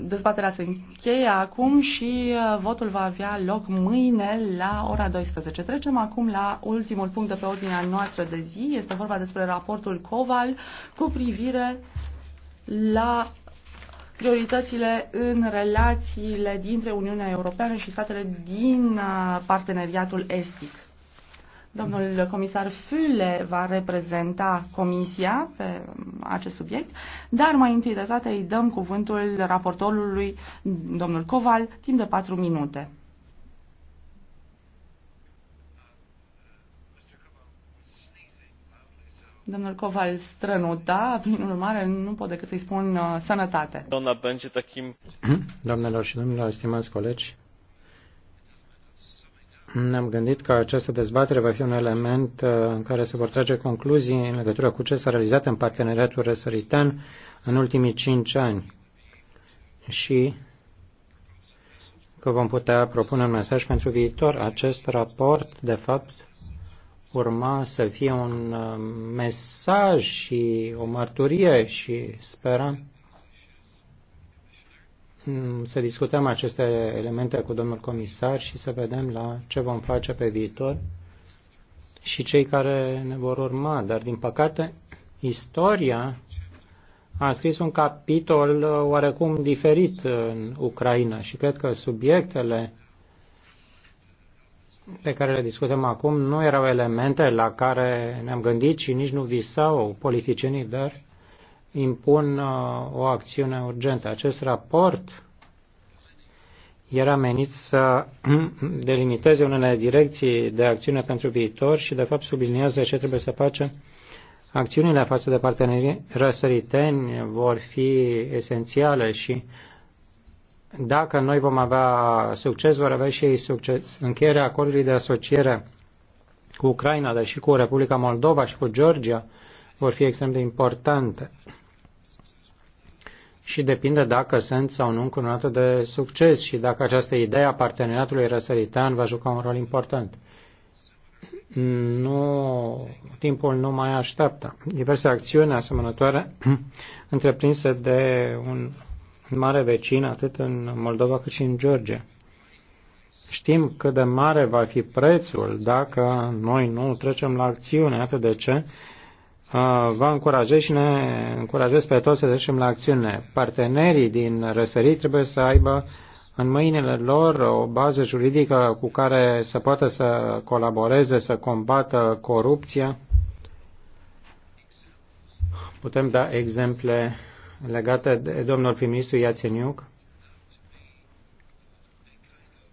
dezbaterea se încheie acum și uh, votul va avea loc mâine la ora 12. Trecem acum la ultimul punct de pe ordinea noastră de zi. Este vorba despre raportul Coval cu privire la prioritățile în relațiile dintre Uniunea Europeană și statele din uh, parteneriatul estic. Domnul comisar Füle va reprezenta comisia pe acest subiect, dar mai întâi de toate îi dăm cuvântul raportorului, domnul Coval, timp de patru minute. Domnul Coval strănuta, prin urmare nu pot decât să-i spun uh, sănătate. Doamna Benjita Kim. Doamnelor și domnilor, stimați colegi, ne-am gândit că această dezbatere va fi un element uh, în care se vor trage concluzii în legătură cu ce s-a realizat în parteneriatul răsăritan în ultimii cinci ani și că vom putea propune un mesaj pentru viitor. Acest raport, de fapt, urma să fie un uh, mesaj și o mărturie și sperăm Mm, să discutăm aceste elemente cu domnul comisar și să vedem la ce vom face pe viitor și cei care ne vor urma. Dar, din păcate, istoria a scris un capitol uh, oarecum diferit în Ucraina și cred că subiectele pe care le discutăm acum nu erau elemente la care ne-am gândit și nici nu visau politicienii, dar impun uh, o acțiune urgentă. Acest raport era menit să delimiteze unele direcții de acțiune pentru viitor și, de fapt, subliniază ce trebuie să facem. Acțiunile față de partenerii răsăriteni vor fi esențiale și dacă noi vom avea succes, vor avea și ei succes. Încheierea acordului de asociere cu Ucraina, dar și cu Republica Moldova și cu Georgia vor fi extrem de importante și depinde dacă sunt sau nu încununate de succes și dacă această idee a parteneriatului răsăritan va juca un rol important. Nu, timpul nu mai așteaptă. Diverse acțiuni asemănătoare întreprinse de un mare vecin atât în Moldova cât și în Georgia. Știm cât de mare va fi prețul dacă noi nu trecem la acțiune, atât de ce Ah, vă încurajez și ne încurajez pe toți să trecem la acțiune. Partenerii din răsărit trebuie să aibă în mâinile lor o bază juridică cu care să poată să colaboreze, să combată corupția. Putem da exemple legate de domnul prim-ministru Iațeniuc.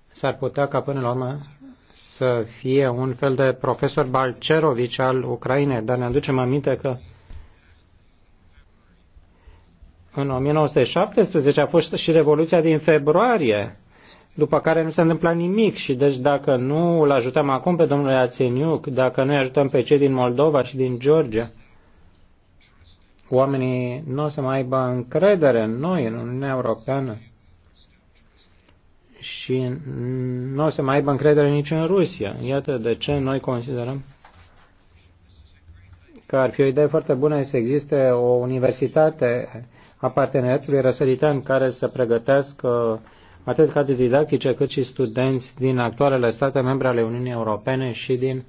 S-ar putea ca până la urmă să fie un fel de profesor Balcerovici al Ucrainei, dar ne aducem aminte că în 1917 a fost și Revoluția din februarie, după care nu se întâmpla nimic și deci dacă nu îl ajutăm acum pe domnul Iațeniuc, dacă nu îi ajutăm pe cei din Moldova și din Georgia, oamenii nu o să mai aibă încredere în noi, în Uniunea Europeană și nu o să mai aibă încredere nici în Rusia. Iată de ce noi considerăm că ar fi o idee foarte bună să existe o universitate a parteneriatului răsăritan care să pregătească atât cadre didactice cât și studenți din actualele state membre ale Uniunii Europene și din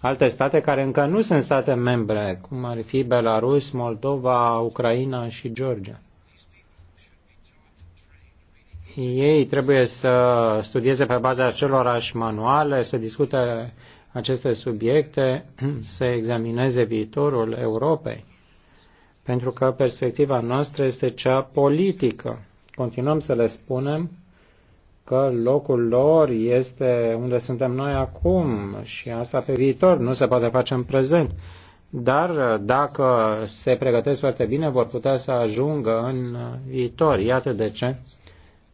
alte state care încă nu sunt state membre, cum ar fi Belarus, Moldova, Ucraina și Georgia ei trebuie să studieze pe baza acelorași manuale, să discute aceste subiecte, să examineze viitorul Europei, pentru că perspectiva noastră este cea politică. Continuăm să le spunem că locul lor este unde suntem noi acum și asta pe viitor, nu se poate face în prezent. Dar dacă se pregătesc foarte bine, vor putea să ajungă în viitor. Iată de ce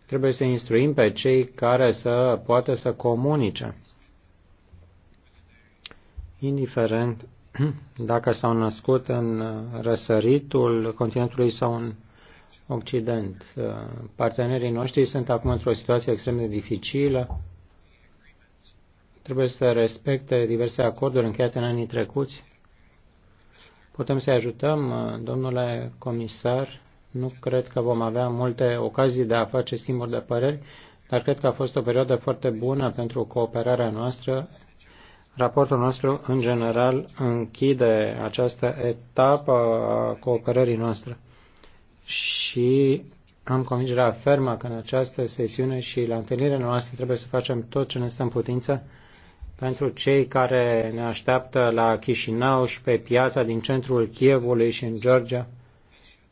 Trebuie să instruim pe cei care să poată să comunice. Indiferent dacă s-au născut în răsăritul continentului sau în Occident. Partenerii noștri sunt acum într-o situație extrem de dificilă. Trebuie să respecte diverse acorduri încheiate în anii trecuți. Putem să-i ajutăm, domnule comisar, nu cred că vom avea multe ocazii de a face schimburi de păreri, dar cred că a fost o perioadă foarte bună pentru cooperarea noastră. Raportul nostru, în general, închide această etapă a cooperării noastre. Și am convingerea fermă că în această sesiune și la întâlnirea noastră trebuie să facem tot ce ne stă în putință pentru cei care ne așteaptă la Chișinău și pe piața din centrul Chievului și în Georgia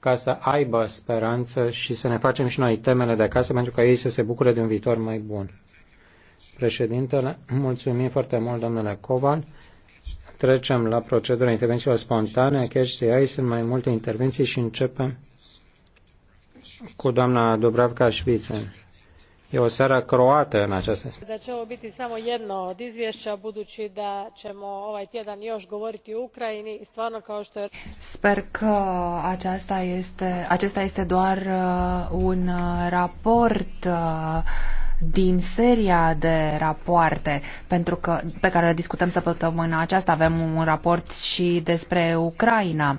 ca să aibă speranță și să ne facem și noi temele de acasă pentru ca ei să se bucure de un viitor mai bun. Președintele, mulțumim foarte mult, domnule Coval. Trecem la procedura intervențiilor spontane. Chiar sunt mai multe intervenții și începem cu doamna Dubravka Șvițen. E o seară croată în această da ce o biti samo jedno od izvješća budući da ćemo ovaj tjedan još govoriti o Ukrajini, i stvarno kao što Sper că aceasta este acesta este doar uh, un uh, raport uh, din seria de rapoarte pentru că, pe care le discutăm săptămâna aceasta. Avem un raport și despre Ucraina. Uh,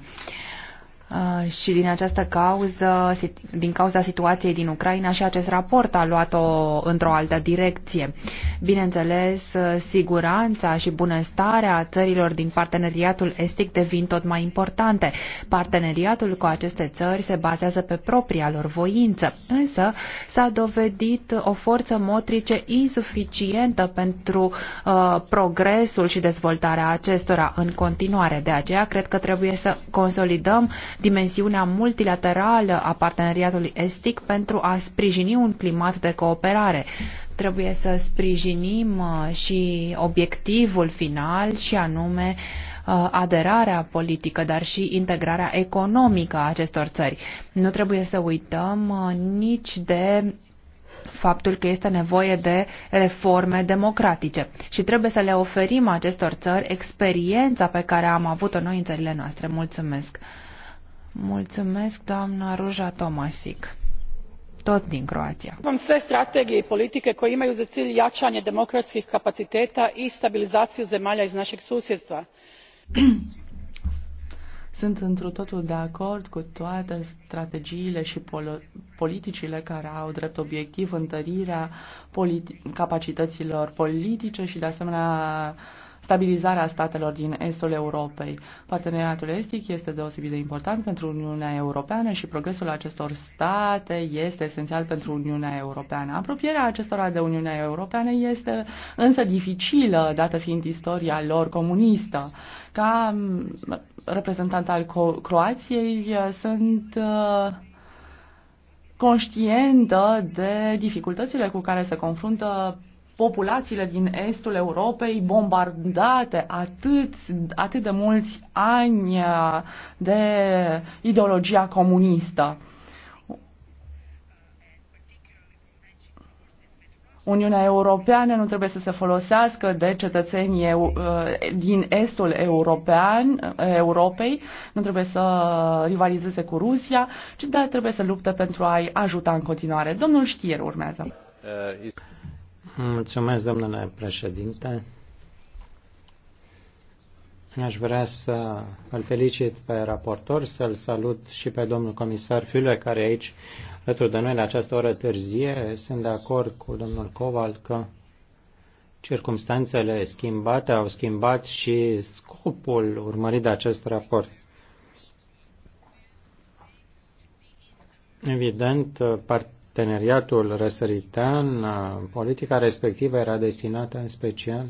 Uh, și din această cauză, din cauza situației din Ucraina și acest raport a luat-o într-o altă direcție. Bineînțeles, uh, siguranța și bunăstarea țărilor din parteneriatul estic devin tot mai importante. Parteneriatul cu aceste țări se bazează pe propria lor voință, însă s-a dovedit o forță motrice insuficientă pentru uh, progresul și dezvoltarea acestora în continuare. De aceea, cred că trebuie să consolidăm dimensiunea multilaterală a parteneriatului estic pentru a sprijini un climat de cooperare. Trebuie să sprijinim uh, și obiectivul final și anume uh, aderarea politică, dar și integrarea economică a acestor țări. Nu trebuie să uităm uh, nici de faptul că este nevoie de reforme democratice și trebuie să le oferim acestor țări experiența pe care am avut-o noi în țările noastre. Mulțumesc! Mulțumesc, doamna Ruža Tomasic. Tot din Croația. Vam sve strategije i politike koje imaju za cilj jačanje demokratskih kapaciteta i stabilizaciju zemalja iz našeg susjedstva. Sunt întru totul de acord cu toate strategiile și politicile care au drept obiectiv întărirea politi- capacităților politice și, de asemenea, stabilizarea statelor din estul Europei. Parteneriatul estic este deosebit de important pentru Uniunea Europeană și progresul acestor state este esențial pentru Uniunea Europeană. Apropierea acestora de Uniunea Europeană este însă dificilă, dată fiind istoria lor comunistă. Ca mm, reprezentant al Croației sunt uh, conștientă de dificultățile cu care se confruntă populațiile din estul Europei bombardate atât, atât de mulți ani uh, de ideologia comunistă. Uniunea Europeană nu trebuie să se folosească de cetățenii eu, uh, din estul european, uh, Europei, nu trebuie să rivalizeze cu Rusia, ci da, trebuie să lupte pentru a-i ajuta în continuare. Domnul Știer urmează. Uh, Mulțumesc, domnule președinte. Aș vrea să îl felicit pe raportor, să-l salut și pe domnul comisar Fiule, care aici, alături de noi, la această oră târzie. Sunt de acord cu domnul Coval că circumstanțele schimbate au schimbat și scopul urmărit de acest raport. Evident, part teneriatul răsăritan, politica respectivă era destinată în special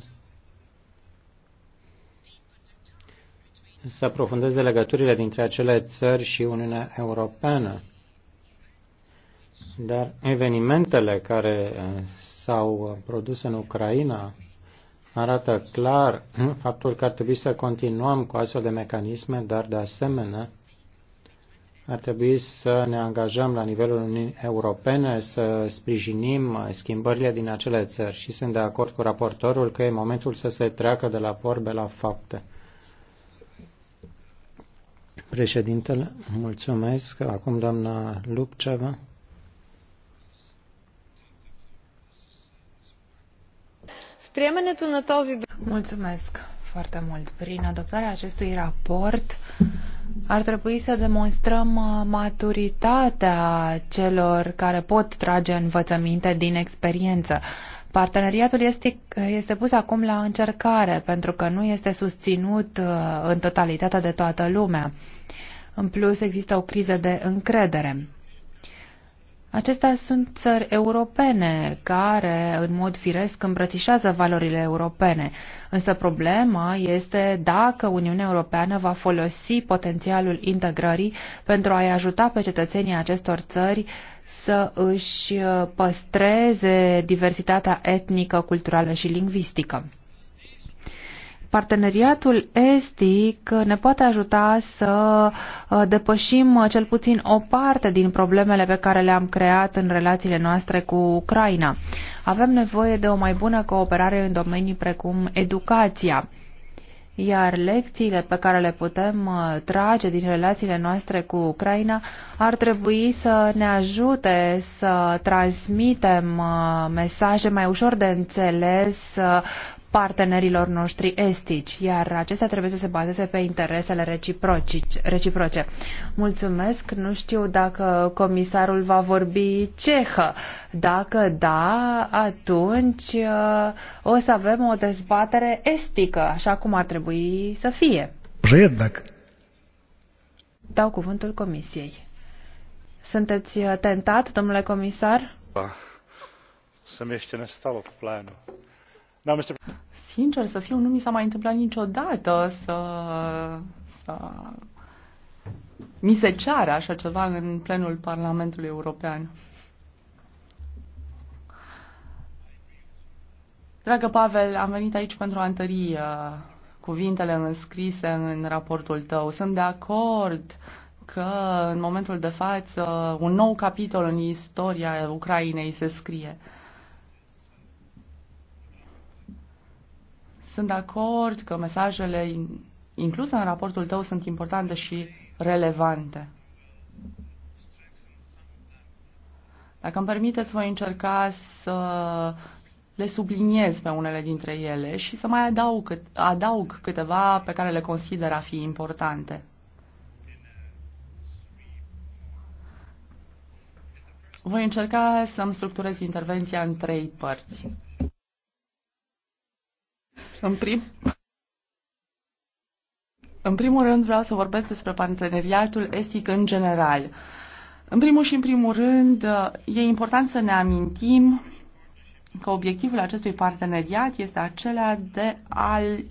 să aprofundeze legăturile dintre acele țări și Uniunea Europeană. Dar evenimentele care s-au produs în Ucraina arată clar faptul că ar trebui să continuăm cu astfel de mecanisme, dar de asemenea ar trebui să ne angajăm la nivelul Uniunii Europene să sprijinim schimbările din acele țări și sunt de acord cu raportorul că e momentul să se treacă de la vorbe la fapte. Președintele, mulțumesc. Acum doamna Lupceva. Mulțumesc foarte mult. Prin adoptarea acestui raport ar trebui să demonstrăm uh, maturitatea celor care pot trage învățăminte din experiență. Parteneriatul este, este pus acum la încercare pentru că nu este susținut uh, în totalitate de toată lumea. În plus, există o criză de încredere. Acestea sunt țări europene care, în mod firesc, îmbrățișează valorile europene. Însă problema este dacă Uniunea Europeană va folosi potențialul integrării pentru a-i ajuta pe cetățenii acestor țări să își păstreze diversitatea etnică, culturală și lingvistică. Parteneriatul estic ne poate ajuta să uh, depășim uh, cel puțin o parte din problemele pe care le-am creat în relațiile noastre cu Ucraina. Avem nevoie de o mai bună cooperare în domenii precum educația iar lecțiile pe care le putem uh, trage din relațiile noastre cu Ucraina ar trebui să ne ajute să transmitem mesaje mai ușor de înțeles partenerilor noștri estici, iar acestea trebuie să se bazeze pe interesele reciproce. Mulțumesc, nu știu dacă comisarul va vorbi cehă. Dacă da, atunci uh, o să avem o dezbatere estică, așa cum ar trebui să fie. Jednak. Dau cuvântul comisiei. Sunteți uh, tentat, domnule comisar? Ba, se mi în nestalo v da, Sincer să fiu, nu mi s-a mai întâmplat niciodată să, să mi se ceară așa ceva în plenul Parlamentului European. Dragă Pavel, am venit aici pentru a întări uh, cuvintele înscrise în raportul tău. Sunt de acord că în momentul de față un nou capitol în istoria Ucrainei se scrie. Uh, Sunt de acord că mesajele incluse în raportul tău sunt importante și relevante. Dacă îmi permiteți, voi încerca să le subliniez pe unele dintre ele și să mai adaug, adaug câteva pe care le consider a fi importante. Voi încerca să-mi structurez intervenția în trei părți. În, prim... în primul rând vreau să vorbesc despre parteneriatul estic în general. În primul și în primul rând, e important să ne amintim că obiectivul acestui parteneriat este acela de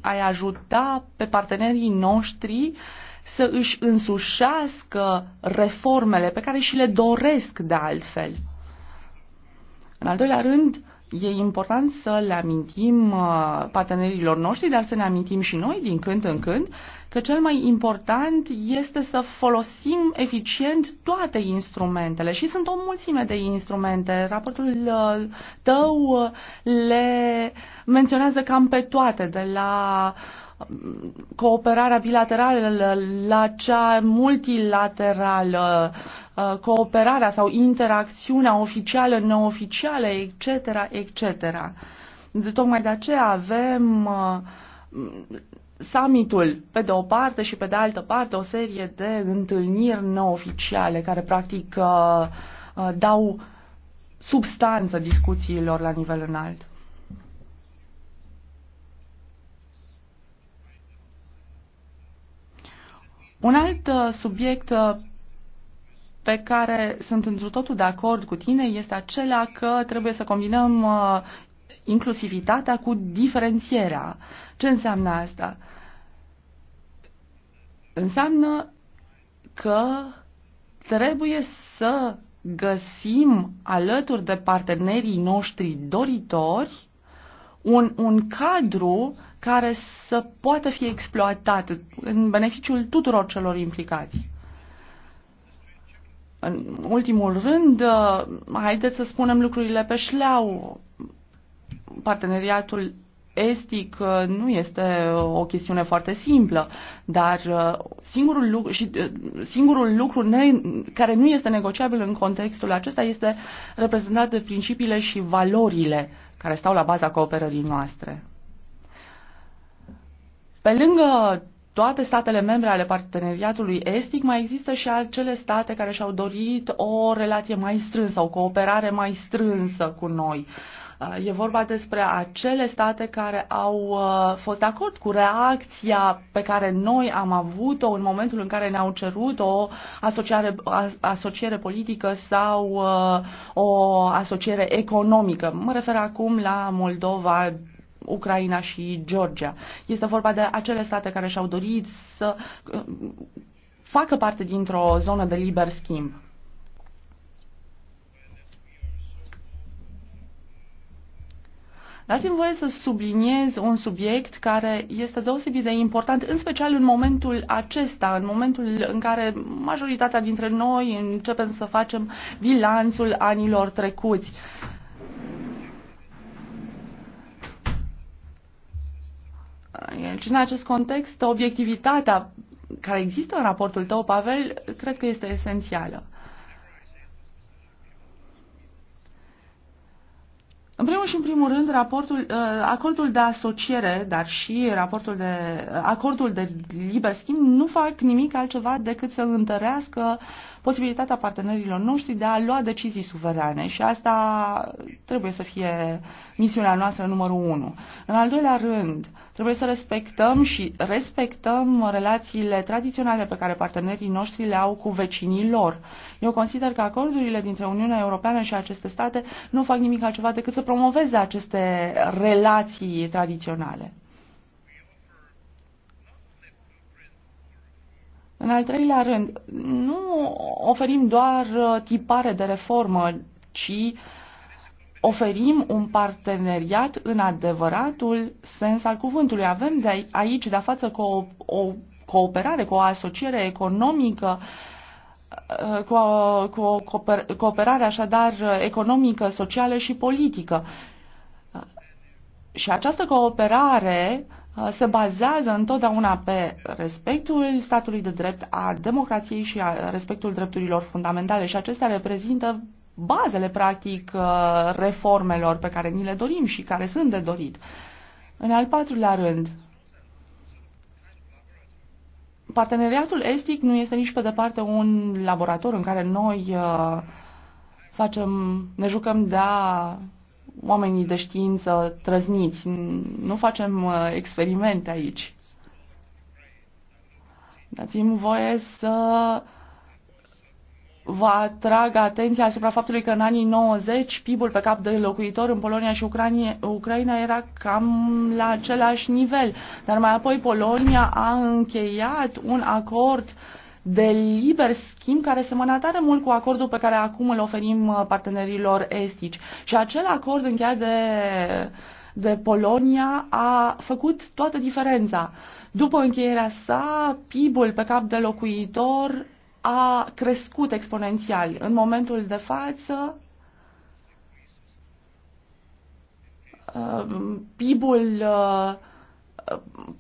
a-i ajuta pe partenerii noștri să își însușească reformele pe care și le doresc de altfel. În al doilea rând, E important să le amintim uh, partenerilor noștri, dar să ne amintim și noi din când în când că cel mai important este să folosim eficient toate instrumentele și sunt o mulțime de instrumente. Raportul uh, tău uh, le menționează cam pe toate, de la uh, cooperarea bilaterală la cea multilaterală, uh, cooperarea sau interacțiunea oficială, neoficială, etc., etc. De tocmai de aceea avem uh, summitul pe de o parte și pe de altă parte o serie de întâlniri neoficiale care practic uh, dau substanță discuțiilor la nivel înalt. Un alt uh, subiect uh, pe care sunt într totul de acord cu tine este acela că trebuie să combinăm uh, inclusivitatea cu diferențierea. Ce înseamnă asta? Înseamnă că trebuie să găsim alături de partenerii noștri doritori un, un cadru care să poată fi exploatat în beneficiul tuturor celor implicați. În ultimul rând, uh, haideți să spunem lucrurile pe șleau. Parteneriatul estic uh, nu este uh, o chestiune foarte simplă, dar singurul lucru, și, singurul lucru ne, care nu este negociabil în contextul acesta este reprezentat de principiile și valorile care stau la baza cooperării noastre. Pe lângă toate statele membre ale parteneriatului estic, mai există și acele state care și-au dorit o relație mai strânsă, o cooperare mai strânsă cu noi. Uh, e vorba despre acele state care au uh, fost de acord cu reacția pe care noi am avut-o în momentul în care ne-au cerut o asociere, asociere politică sau uh, o asociere economică. Mă refer acum la Moldova, Ucraina și Georgia. Este vorba de acele state care și-au dorit să facă parte dintr-o zonă de liber schimb. Dați-mi voie să subliniez un subiect care este deosebit de important, în special în momentul acesta, în momentul în care majoritatea dintre noi începem să facem bilanțul anilor trecuți. Și în acest context, obiectivitatea care există în raportul tău, Pavel, cred că este esențială. În primul și în primul rând, raportul, uh, acordul de asociere, dar și raportul de, uh, acordul de liber schimb nu fac nimic altceva decât să întărească posibilitatea partenerilor noștri de a lua decizii suverane și asta trebuie să fie misiunea noastră numărul unu. În al doilea rând, trebuie să respectăm și respectăm relațiile tradiționale pe care partenerii noștri le au cu vecinii lor. Eu consider că acordurile dintre Uniunea Europeană și aceste state nu fac nimic altceva decât să promoveze aceste relații tradiționale. În al treilea rând, nu oferim doar uh, tipare de reformă, ci oferim un parteneriat în adevăratul sens al cuvântului. Avem de aici de-a față cu o, o cooperare, cu o asociere economică uh, cu o, cu o cooperare așadar economică, socială și politică. Și această cooperare uh, Uh, se bazează întotdeauna pe respectul statului de drept, a democrației și a respectul drepturilor fundamentale și acestea reprezintă bazele, practic, uh, reformelor pe care ni le dorim și care sunt de dorit. În al patrulea rând, parteneriatul estic nu este nici pe departe un laborator în care noi uh, facem, ne jucăm de a oamenii de știință trăzniți. Nu facem uh, experimente aici. Dați-mi voie să vă atrag atenția asupra faptului că în anii 90 PIB-ul pe cap de locuitor în Polonia și Ucrania, Ucraina era cam la același nivel. Dar mai apoi Polonia a încheiat un acord uh, de liber schimb care semăna tare mult cu acordul pe care acum îl oferim uh, partenerilor estici. Și acel acord încheiat de, de Polonia a făcut toată diferența. După încheierea sa, PIB-ul pe cap de locuitor a crescut exponențial. În momentul de față, PIB-ul uh,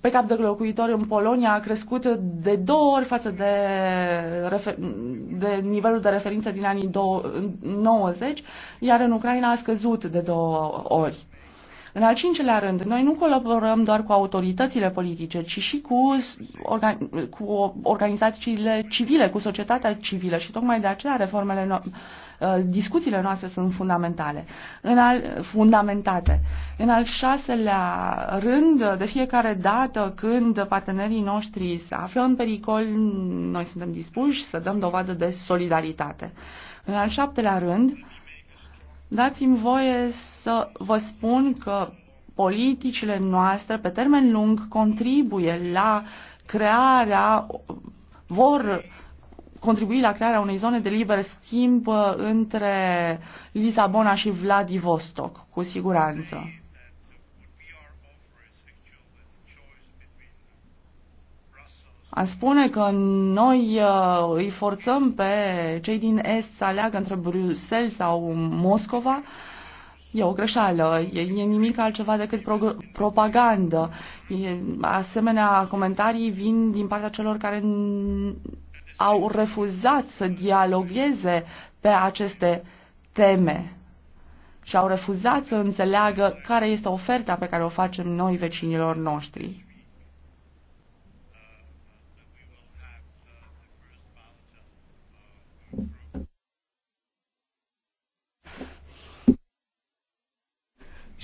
pe cap de locuitor în Polonia a crescut de două ori față de, de nivelul de referință din anii 90, iar în Ucraina a scăzut de două ori. În al cincilea rând, noi nu colaborăm doar cu autoritățile politice, ci și cu, organ- cu organizațiile civile, cu societatea civilă și tocmai de aceea reformele no- uh, discuțiile noastre sunt fundamentale, în al, fundamentate. În al șaselea rând, de fiecare dată când partenerii noștri se află în pericol, noi suntem dispuși să dăm dovadă de solidaritate. În al șaptelea rând, Dați-mi voie să vă spun că politicile noastre pe termen lung contribuie la crearea, vor contribui la crearea unei zone de liber schimb între Lisabona și Vladivostok, cu siguranță. A spune că noi uh, îi forțăm pe cei din Est să aleagă între Bruxelles sau Moscova e o greșeală, e, e nimic altceva decât pro, propagandă. E, asemenea, comentarii vin din partea celor care au refuzat să dialogueze pe aceste teme și au refuzat să înțeleagă care este oferta pe care o facem noi vecinilor noștri.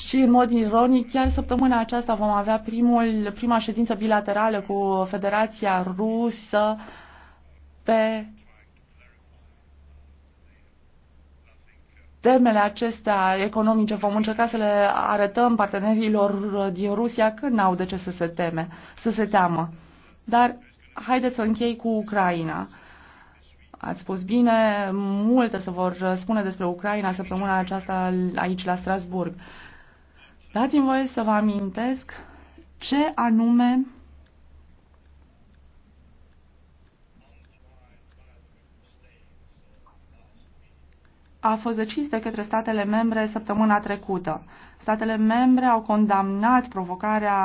Și în mod ironic, chiar săptămâna aceasta vom avea primul, prima ședință bilaterală cu Federația Rusă pe temele acestea economice. Vom încerca să le arătăm partenerilor din Rusia că n-au de ce să se teme, să se teamă. Dar haideți să închei cu Ucraina. Ați spus bine, multe se vor spune despre Ucraina săptămâna aceasta aici la Strasburg. Uh, Dați-mi voie să vă amintesc ce anume a fost decis de către statele membre săptămâna trecută. Statele membre au condamnat provocarea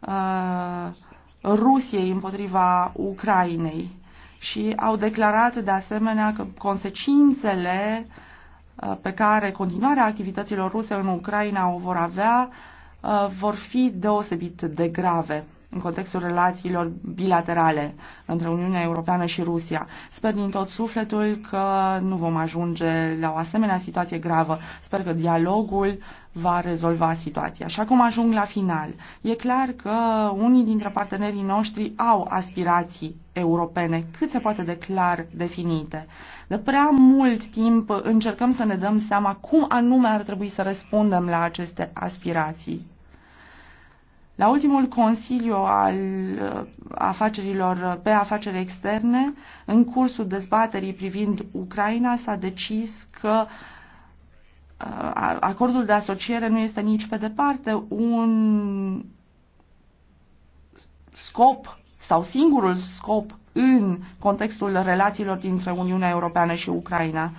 uh, Rusiei împotriva Ucrainei și au declarat de asemenea că consecințele uh, Uh, pe care continuarea activităților ruse în Ucraina o vor avea uh, vor fi deosebit de grave în contextul relațiilor bilaterale între Uniunea Europeană și Rusia. Sper din tot sufletul că nu vom ajunge la o asemenea situație gravă. Sper că dialogul va rezolva situația. Și acum ajung la final. E clar că unii dintre partenerii noștri au aspirații europene cât se poate de clar definite. De prea mult timp încercăm să ne dăm seama cum anume ar trebui să răspundem la aceste aspirații. La ultimul Consiliu al uh, afacerilor uh, pe afaceri externe, în cursul dezbaterii privind Ucraina, s-a decis că uh, acordul de asociere nu este nici pe departe un scop sau singurul scop în contextul relațiilor dintre Uniunea Europeană și Ucraina. Uh,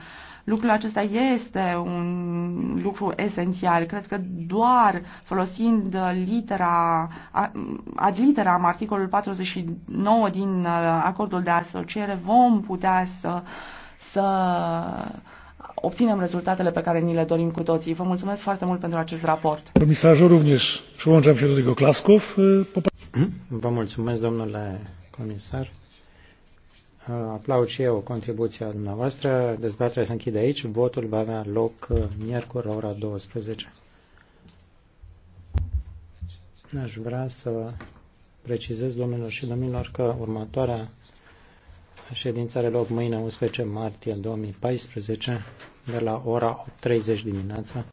Lucrul acesta este un lucru esențial. Cred că doar folosind litera, ad literam articolul 49 din uh, acordul de asociere vom putea să, să obținem rezultatele pe care ni le dorim cu toții. Vă mulțumesc foarte mult pentru acest raport. Comisarul również przyłączam się do tego klasków. Vă mulțumesc, domnule comisar aplaud și eu contribuția dumneavoastră. Dezbaterea se închide aici. Votul va avea loc uh, miercuri, ora 12. Aș vrea să precizez, domnilor și domnilor, că următoarea ședință are loc mâine, 11 martie 2014, de la ora 8.30 dimineața.